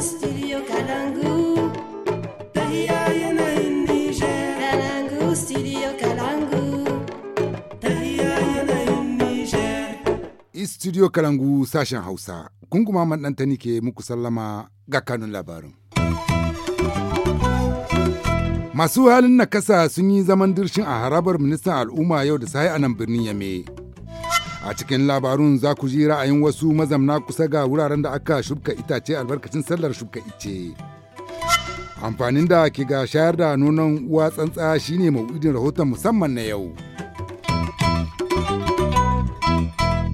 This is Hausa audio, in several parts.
studio Kalangu. yanayin studio sashen Hausa. Kunguma maɗantani ke muku sallama ga kanun labarin. Masu halin nakasa sun yi zaman dirshin a harabar ministan al'umma yau da sai a nan birnin Yame. A cikin labarun za ku ji ra'ayin wasu mazamna kusa ga wuraren da aka shubka itace albarkacin sallar shubka ice. Amfanin da ke ga shayar da nonon uwa tsantsa shine mawudin rahoton musamman na yau.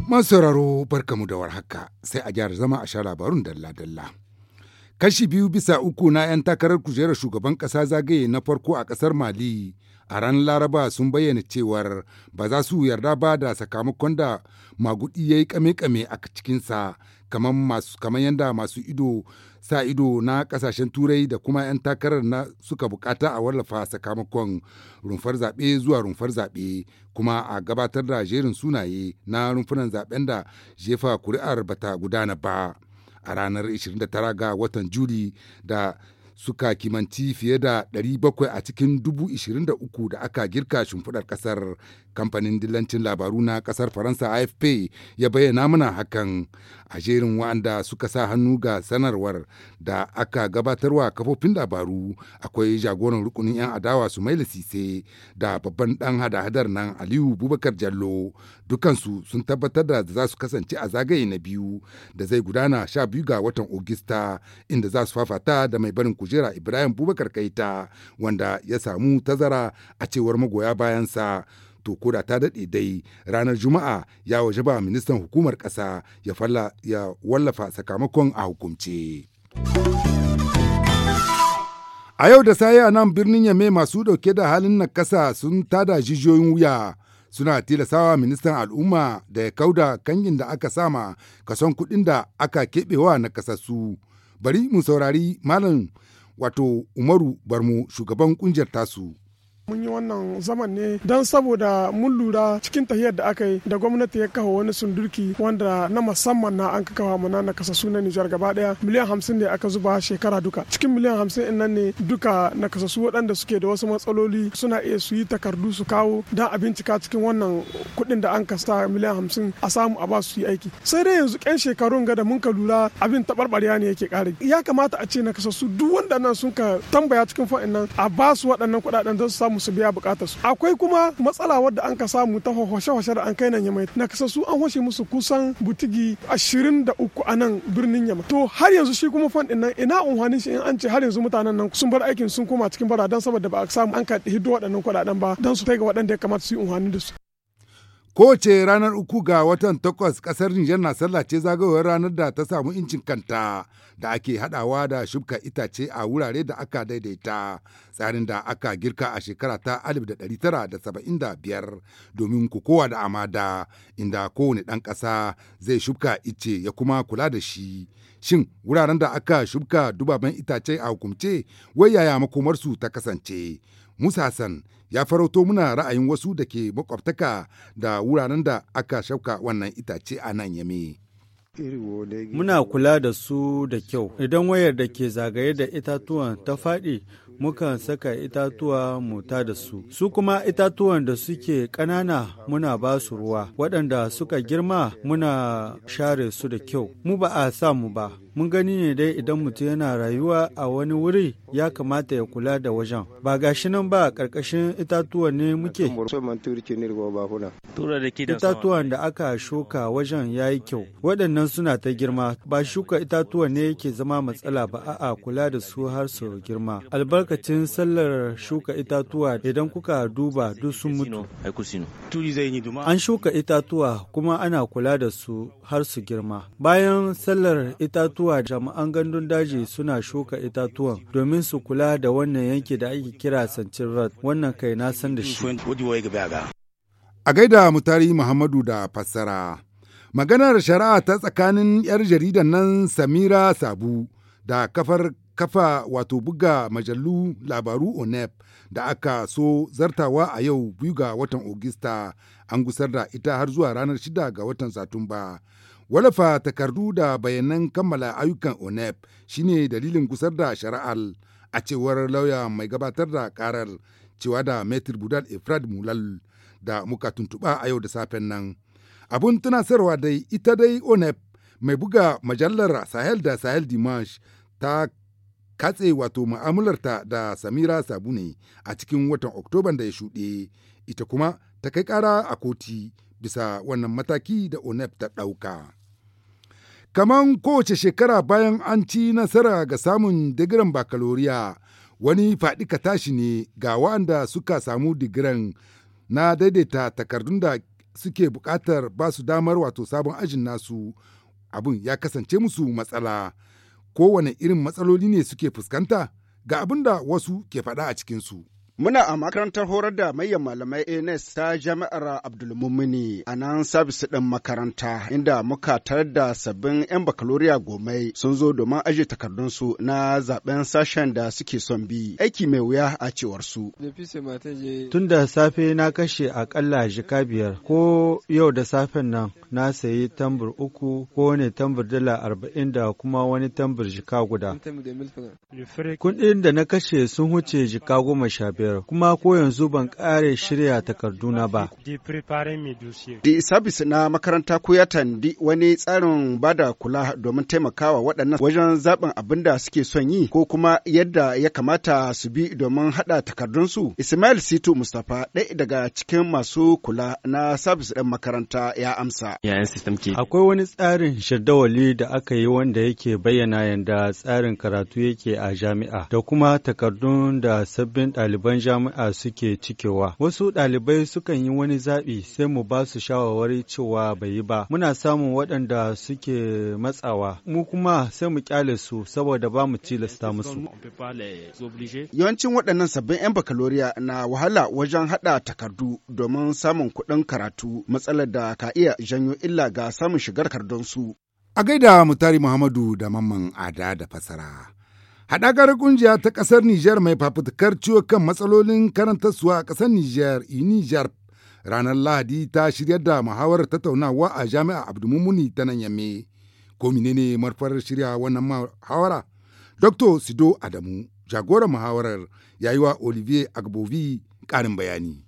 Masauraro barkamu da warhaka sai a gyara zama a sha labarun dalla-dalla. Kashi biyu bisa uku na 'yan takarar kujerar shugaban ƙasa zagaye na farko a ƙasar Mali a ran laraba sun bayyana cewar ba za su yarda ba da sakamakon da magudi ya yi kame-kame a cikinsa kamar yadda masu ido sa ido na kasashen turai da kuma 'yan takarar na suka bukata a wallafa sakamakon rumfar zaɓe zuwa rumfar zaɓe kuma a gabatar da jerin sunaye na rumfunan zaɓen da jefa kuri'ar bata gudana ba a ranar 29 ga watan juli da suka kimanci fiye da 700 a cikin 23,000 da aka girka shimfiɗar ƙasar kamfanin dillancin labaru na ƙasar faransa afp ya bayyana mana hakan a jerin wa'anda suka sa hannu ga sanarwar da aka gabatarwa kafofin labaru akwai jagoran rukunin 'yan adawa su maila sise da babban ɗan hada-hadar nan aliyu bubakar jallo dukansu sun tabbatar da za su kasance a zagaye na biyu da zai gudana 12 ga watan ogista inda za su fafata da mai barin kujera Ibrahim Bubakar Kaita wanda ya samu tazara a cewar magoya bayansa. to koda ta daɗe dai ranar juma'a ya waje ba ministan hukumar ƙasa ya, ya wallafa sakamakon a hukumce. a yau da saya nan birnin yame masu ɗauke da halin na ƙasa sun tada jijiyoyin wuya suna tilasawa ministan al'umma da ya kauda kangin da aka sama kason kuɗin da aka keɓewa na kasassu bari mu saurari malam wato Umaru Barmu shugaban kungiyar tasu. mun yi wannan zaman ne don saboda mun lura cikin tahiyar da aka yi da gwamnati ya kawo wani sundurki wanda na musamman na an kawo mana na kasa na Nijar gaba daya miliyan hamsin ne aka zuba shekara duka cikin miliyan hamsin in nan ne duka na su waɗanda suke da wasu matsaloli suna iya su yi takardu su kawo don a bincika cikin wannan kuɗin da an kasta miliyan hamsin a samu a ba su yi aiki sai dai yanzu ƙyan shekarun ga da mun ka lura abin taɓarɓarya ne yake ƙare ya kamata a ce na su duk wanda nan sun ka tambaya cikin fa'in nan a ba su waɗannan kuɗaɗen don su samu su biya bukatar su akwai kuma matsala wadda an ka samu ta hwashe-hwashe da an kai nan yamai na kasa su an hwashe musu kusan butigi ashirin da uku a nan birnin yamai to har yanzu shi kuma fan nan ina unhanin shi in an ce har yanzu mutanen nan sun bar aikin sun koma cikin bara don saboda ba a samu an ka hiddo waɗannan kuɗaɗen ba don su kai ga waɗanda ya kamata su yi unhanin da su Kowace ranar uku ga watan takwas ƙasar Nijar na sallace zagayowar ranar da ta samu incin kanta da ake haɗawa da shubka itace a wurare da aka daidaita tsarin da aka girka a shekara ta 1975 domin ku kowa da amada inda kowane ɗan ƙasa zai shubka ice ya kuma kula da shi. Shin wuraren da aka shubka dubaban itace a hukumce wai yaya makomarsu ta kasance? Musa Hassan ya farauto muna ra'ayin wasu da ke makwabtaka da wuraren da aka shauka wannan itace a nan yame. Muna kula da su da kyau. Idan wayar da ke zagaye da itatuwan ta faɗi, mukan saka itatuwa mu da su. Su kuma itatuwan da suke ƙanana muna ba su ruwa, waɗanda suka girma muna share su da kyau. Mu ba a sa mu ba. mun gani ne dai idan mutum yana rayuwa a wani wuri ya kamata ya kula da wajen ba gashi nan ba karkashin itatuwa ne muke itatuwan da aka shuka wajen ya yi kyau waɗannan suna ta girma ba shuka itatuwa ne yake zama matsala ba a'a kula da su har su girma albarkacin sallar shuka itatuwa idan kuka duba duk sun mutu an shuka itatuwa kuma ana kula da su har su girma bayan sallar itatuwa itatuwa jami'an gandun daji suna shuka itatuwan domin su kula da wannan yanki da ake kira sancin rat wannan kai na san da shi. A gaida mutari Muhammadu da fassara. Maganar shari'a ta tsakanin 'yar jaridan nan Samira Sabu da kafar kafa wato buga majallu labaru onep da aka so zartawa a yau biyu ga watan ogista an gusar da ita har zuwa ranar shida ga watan satumba Walafa takardu da bayanan kammala ayyukan ONEP shine dalilin gusar da shari'ar a cewar lauya mai gabatar da karar cewa da Metir Budal Efrad Mulal da muka tuntuɓa a yau da safen nan. Abun tunasarwa dai ita dai ONEP mai buga majallar Sahel da Sahel Dimash ta katse wato ma'amularta da Samira Sabune a cikin watan Oktoban da ya shuɗe, ita kuma ta kai kara a koti bisa wannan mataki da ONEP ta ɗauka. kamar kowace shekara bayan an ci nasara ga samun digiran bakaloriya, wani faɗi ka tashi ne ga waɗanda suka samu digiran na daidaita takardun da suke buƙatar ba su damar wato sabon ajin nasu abin ya kasance musu matsala. Kowane irin matsaloli ne suke fuskanta ga abin da wasu ke faɗa a cikinsu. Muna a makarantar horar da mayan malamai ANS ta jami'ar Abdulmumini a nan sabis ɗin makaranta inda muka tarar da sabbin 'yan bakaloriya gomai sun zo domin aje takardunsu na zaben sashen da suke son bi aiki mai wuya a cewar su. Tun da safe na kashe akalla jika biyar ko yau da safen nan na sayi tambur uku ko wani tambur dala arba'in da kuma wani tambur jika guda. Kuɗin da na kashe sun huce jika goma sha biyar. takardar kuma ko yanzu ban ƙare shirya takarduna ba. Di sabis na makaranta ko ya tandi wani tsarin bada kula domin taimakawa waɗannan wajen zaɓin abin da suke son yi ko kuma yadda ya kamata su bi domin haɗa takardunsu. Ismail Situ Mustapha ɗaya daga cikin masu kula na sabis ɗin makaranta ya amsa. Akwai wani tsarin shaddawali da aka yi wanda yake bayyana yadda tsarin karatu yake a jami'a da kuma takardun da sabbin ɗaliban ɗaliban jami'a suke cikewa. Wasu ɗalibai sukan yi wani zaɓi sai mu ba su shawarwari cewa bai yi ba. Muna samun waɗanda suke matsawa. Mu kuma sai mu kyale su saboda ba mu tilasta musu. Yawancin waɗannan sabbin 'yan bakaloriya na wahala wajen haɗa takardu domin samun kuɗin karatu matsalar da ka iya janyo illa ga samun shigar kardonsu. A gaida Mutari Muhammadu da Mamman Ada da fasara. Haɗakar ƙungiya ta ƙasar Nijar mai fafutukar ciwo kan matsalolin karantarsuwa a ƙasar Nijar, Nijar ranar Lahadi ta shirya da muhawarar tattaunawa a Jami'a Abdulmumuni ta nan yamme. Ko menene marfar shirya wannan muhawara? Dr. Sido Adamu, jagoran muhawarar, yayiwa wa Olivier Agbovi ƙarin bayani.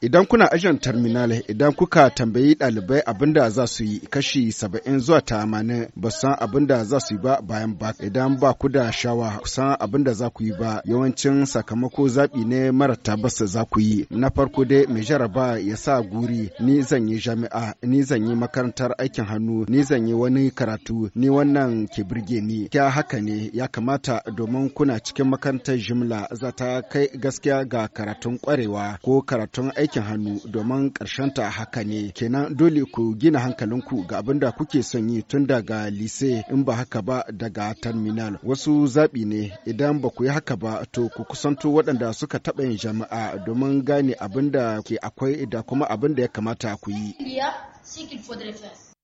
Idan kuna ajin terminal idan kuka tambayi ɗalibai abin da za su yi kashi saba'in zuwa tamanin ba san abin da za su yi ba bayan ba idan ba ku da shawa kusan abin da za ku yi ba yawancin sakamako zaɓi ne mara tabbas za ku yi na farko dai mai jaraba ya sa guri ni zan yi jami'a ni zan yi makarantar aikin hannu ni zan yi wani karatu ni wannan ke birge ni kya haka ne ya kamata domin kuna cikin makarantar jimla za ta kai gaskiya ga karatun kwarewa ko karatun aikin hannu domin ta haka ne kenan dole ku gina hankalinku ga abin da kuke son yi tun daga lise in ba haka ba daga terminal wasu zaɓi ne idan ba ku yi haka ba to ku kusanto waɗanda suka taɓa yin jama'a domin gane abin da ke akwai da kuma abin da ya kamata ku yi.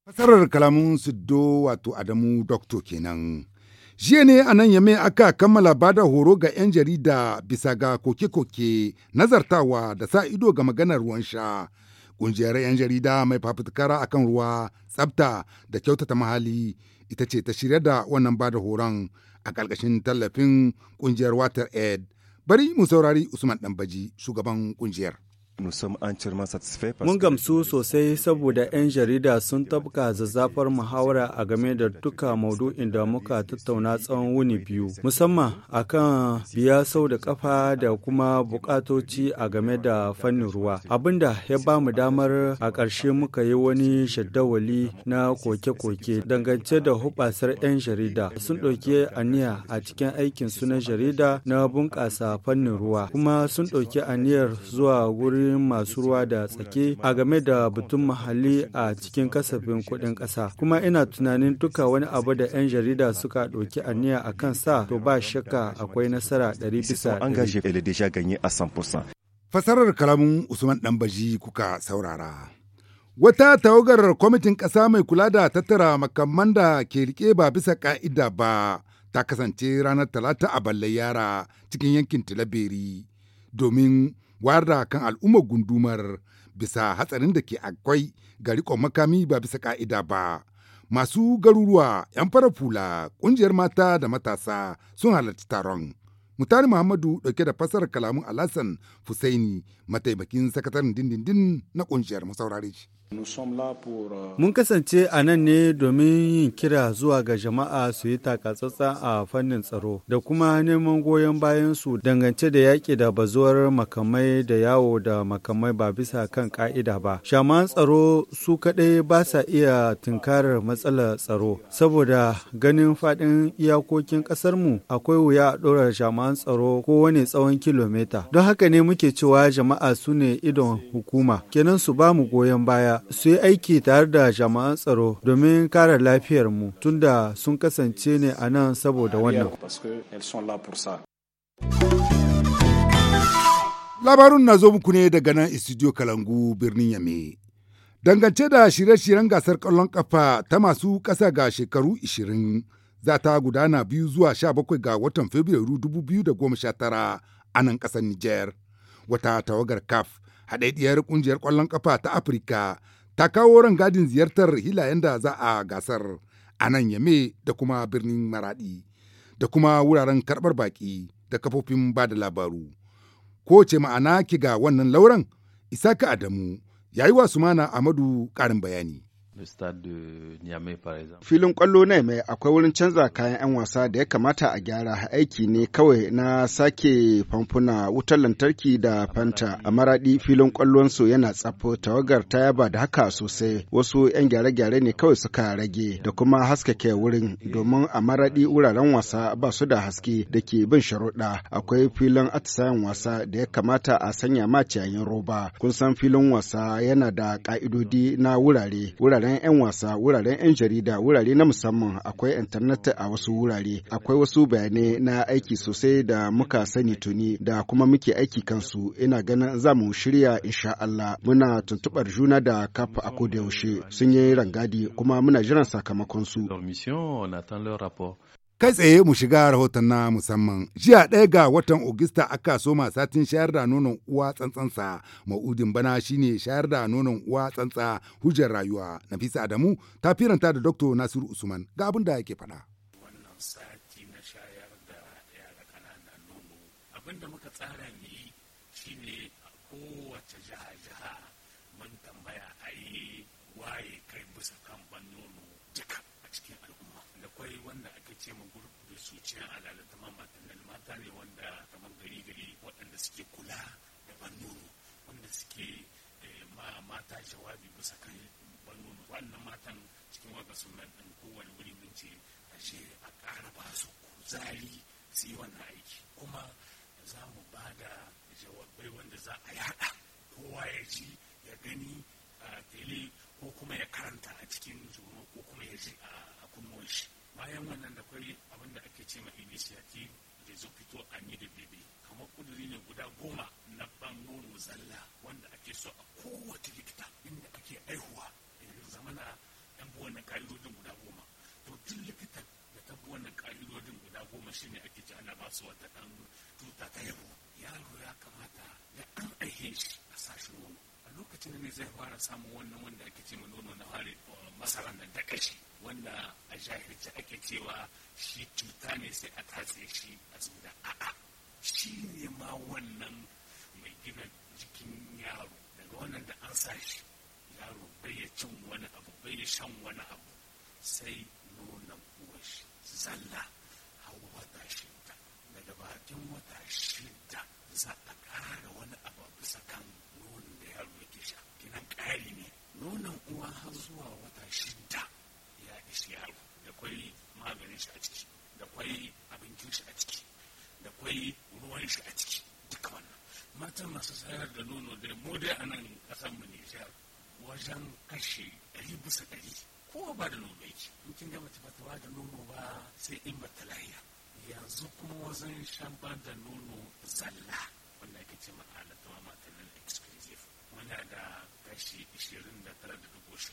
Fasarar kalamun Siddo wato Adamu Dokto kenan. Jiya ne a nan Yame aka kammala ba da horo ga 'yan jarida bisa ga koke-koke nazartawa da sa ido ga maganar ruwan sha. Ƙungiyar 'yan jarida mai fafutukara kan ruwa, tsabta da kyautata mahali ita ce ta shirya da wannan ba da horon a ƙarƙashin tallafin ƙungiyar Water Aid. Bari mu saurari Usman Ɗanbaji, shugaban ƙungiyar. Mun gamsu sosai saboda 'yan jarida sun tabka zazzafar muhawara a game da duka maudu'in da muka tattauna tsawon wuni biyu, musamman a kan biya sau da kafa da kuma bukatoci a game da fannin ruwa. Abinda ya ba mu damar a karshe muka yi wani shaddawali na koke-koke dangance da hubasar 'yan jarida sun ɗauki aniya a cikin aikin su na jarida na bunƙasa fannin ruwa, kuma sun ɗauki aniyar zuwa wuri ra'ayoyin masu ruwa da tsake a game da batun muhalli a cikin kasafin kuɗin ƙasa. Kuma ina tunanin duka wani abu da 'yan jarida suka ɗauki aniya a kan sa to ba shakka akwai nasara ɗari bisa Fasarar kalamun Usman Ɗanbaji kuka saurara. Wata tawagar kwamitin ƙasa mai kula da tattara makamman da ke rike ba bisa ƙa'ida ba ta kasance ranar talata a balle yara cikin yankin Tilaberi domin wara kan al'ummar gundumar bisa hatsarin da ke akwai ga riƙon makami ba bisa ƙa'ida ba. Masu garuruwa, 'yan fara fula, ƙungiyar mata da matasa sun halarci taron. mutane Muhammadu ɗauke da fasarar kalamun Alhassan Fusaini, mataimakin sakataren dindindin na ƙungiyar masaurari. Euh, Mun kasance a nan ne domin yin kira zuwa ga jama'a su yi takatsatsa a fannin tsaro da kuma neman goyon bayansu dangance da yaƙi da bazuwar makamai da yawo da makamai ba bisa kan ƙa'ida ba. Shaman tsaro su kaɗai ba sa iya tunkarar matsalar tsaro saboda ganin faɗin iyakokin ƙasarmu akwai wuya a ɗora shaman tsaro kowane tsawon kilomita. Don haka ne muke cewa jama'a su ne idon hukuma kenan su ba mu goyon baya su yi aiki tare da jama'an tsaro domin kare mu tunda sun kasance ne a nan saboda wannan. Labarun na zo muku ne daga nan Studio Kalangu birnin Yame. Dangance da shirye-shiryen gasar ƙwallon ƙafa ta masu ƙasa ga shekaru 20 za ta gudana biyu zuwa 17 ga watan Fabrairu 2019 a nan ƙasar Nijar. Wata tawagar CAF haɗaɗɗiyar ƙungiyar kwallon ƙafa ta Afirka ta kawo ran gadin ziyartar hilayen da za a gasar a nan yame da kuma birnin maradi da kuma wuraren karɓar baƙi da kafofin ba da labaru ko ce ma'ana ki ga wannan lauran isaka adamu yayi wa mana amadu ƙarin bayani stade Niamey par exemple. Filin kwallo ne mai akwai wurin canza kayan 'yan wasa da ya kamata a gyara aiki ne kawai na sake famfuna wutar lantarki da fanta a maradi filin kwallon su yana tsafo tawagar ta yaba da haka sosai wasu 'yan gyare-gyare ne kawai suka rage da kuma haskake wurin domin a maradi wuraren wasa ba su da haske da ke bin sharuɗa akwai filin atisayen wasa da ya kamata a sanya ma ciyayin roba kun san filin wasa yana da ƙa'idodi na wurare wuraren wuraren 'yan wasa wuraren 'yan jarida wurare na musamman akwai intanet a wasu wurare akwai wasu bayanai na aiki sosai da muka sani tuni da kuma muke aiki kansu ina ganin za mu shirya insha Allah muna tuntubar juna da kafa a koda yaushe sun yi rangadi kuma muna jiran sakamakon su Kai tsaye mu shiga rahoton na musamman. Jiya ɗaya ga watan Ogista aka soma satin shayar da nonon uwa tsantsansa. Ma'udin bana shine shayar da nonon uwa tsantsa hujjar rayuwa. Nafisa Adamu ta firanta da Dr. Nasiru Usman ga abin da yake faɗa. ce mu gurku da su cikin alalar ta nan mata ne wanda kamar gari gari waɗanda suke kula da bannuru wanda suke eh, ma mata jawabi bisa kan bannuru wannan matan cikin wanda sunan ɗin kowane wuri mun ce a a ƙara ba su kuzari su yi wannan aiki kuma za mu ba da jawabai wanda za a yaɗa kowa ya ji ya gani a tele ko kuma ya karanta a cikin zuwa ko kuma ya ji a kunnuwan shi bayan wannan da kwari abin da ake ce ma inisiyati da zo fito a ni da bebe kamar kuduri ne guda goma na bango zalla wanda ake so a kowace likita inda ake aihuwa yanzu zamana yan buwan na ka'idodin guda goma to tun likitan da ta buwan na ka'idodin guda goma shine ake ci ana ba su wata dan tuta ta yabo ya ne zai fara samun wannan wanda ake ce nono na uh, nan ta kashi wanda a jahilci ake cewa shi cuta ne sai a tatse shi a zuda a'a shi ne ma wannan mai gina jikin yaro daga wannan da an sa shi yaro bai ya cin wani abu bai ya shan wani abu sai nonon uwar shi zalla har wata shida daga bakin wata shida za a ƙara wani abu bisa kan nonon uwa har zuwa wata shida ya isi yaro da kwai maganin shi a ciki da kwai abincin shi a ciki da kwai ruwan shi a ciki duka wannan matan masu sayar da nono da mu dai a nan ƙasar mu Nijar wajen kashe ɗari bisa ɗari kowa ba da nono yake in kin ga mace bata ba da nono ba sai in ba ta lahiya yanzu kuma wajen shan ba da nono zalla wanda ake ce ma alatawa maternal exclusive muna da kashi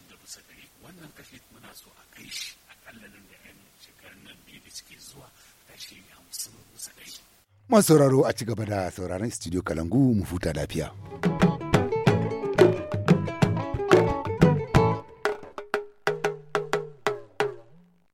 da bisa gari wannan kashi muna so a kai shi a nan da yan shekarun nan biyu da suke zuwa kashi 50 bisa gari Masu sauraro a ci gaba da sauraron studio Kalangu mu futa lafiya.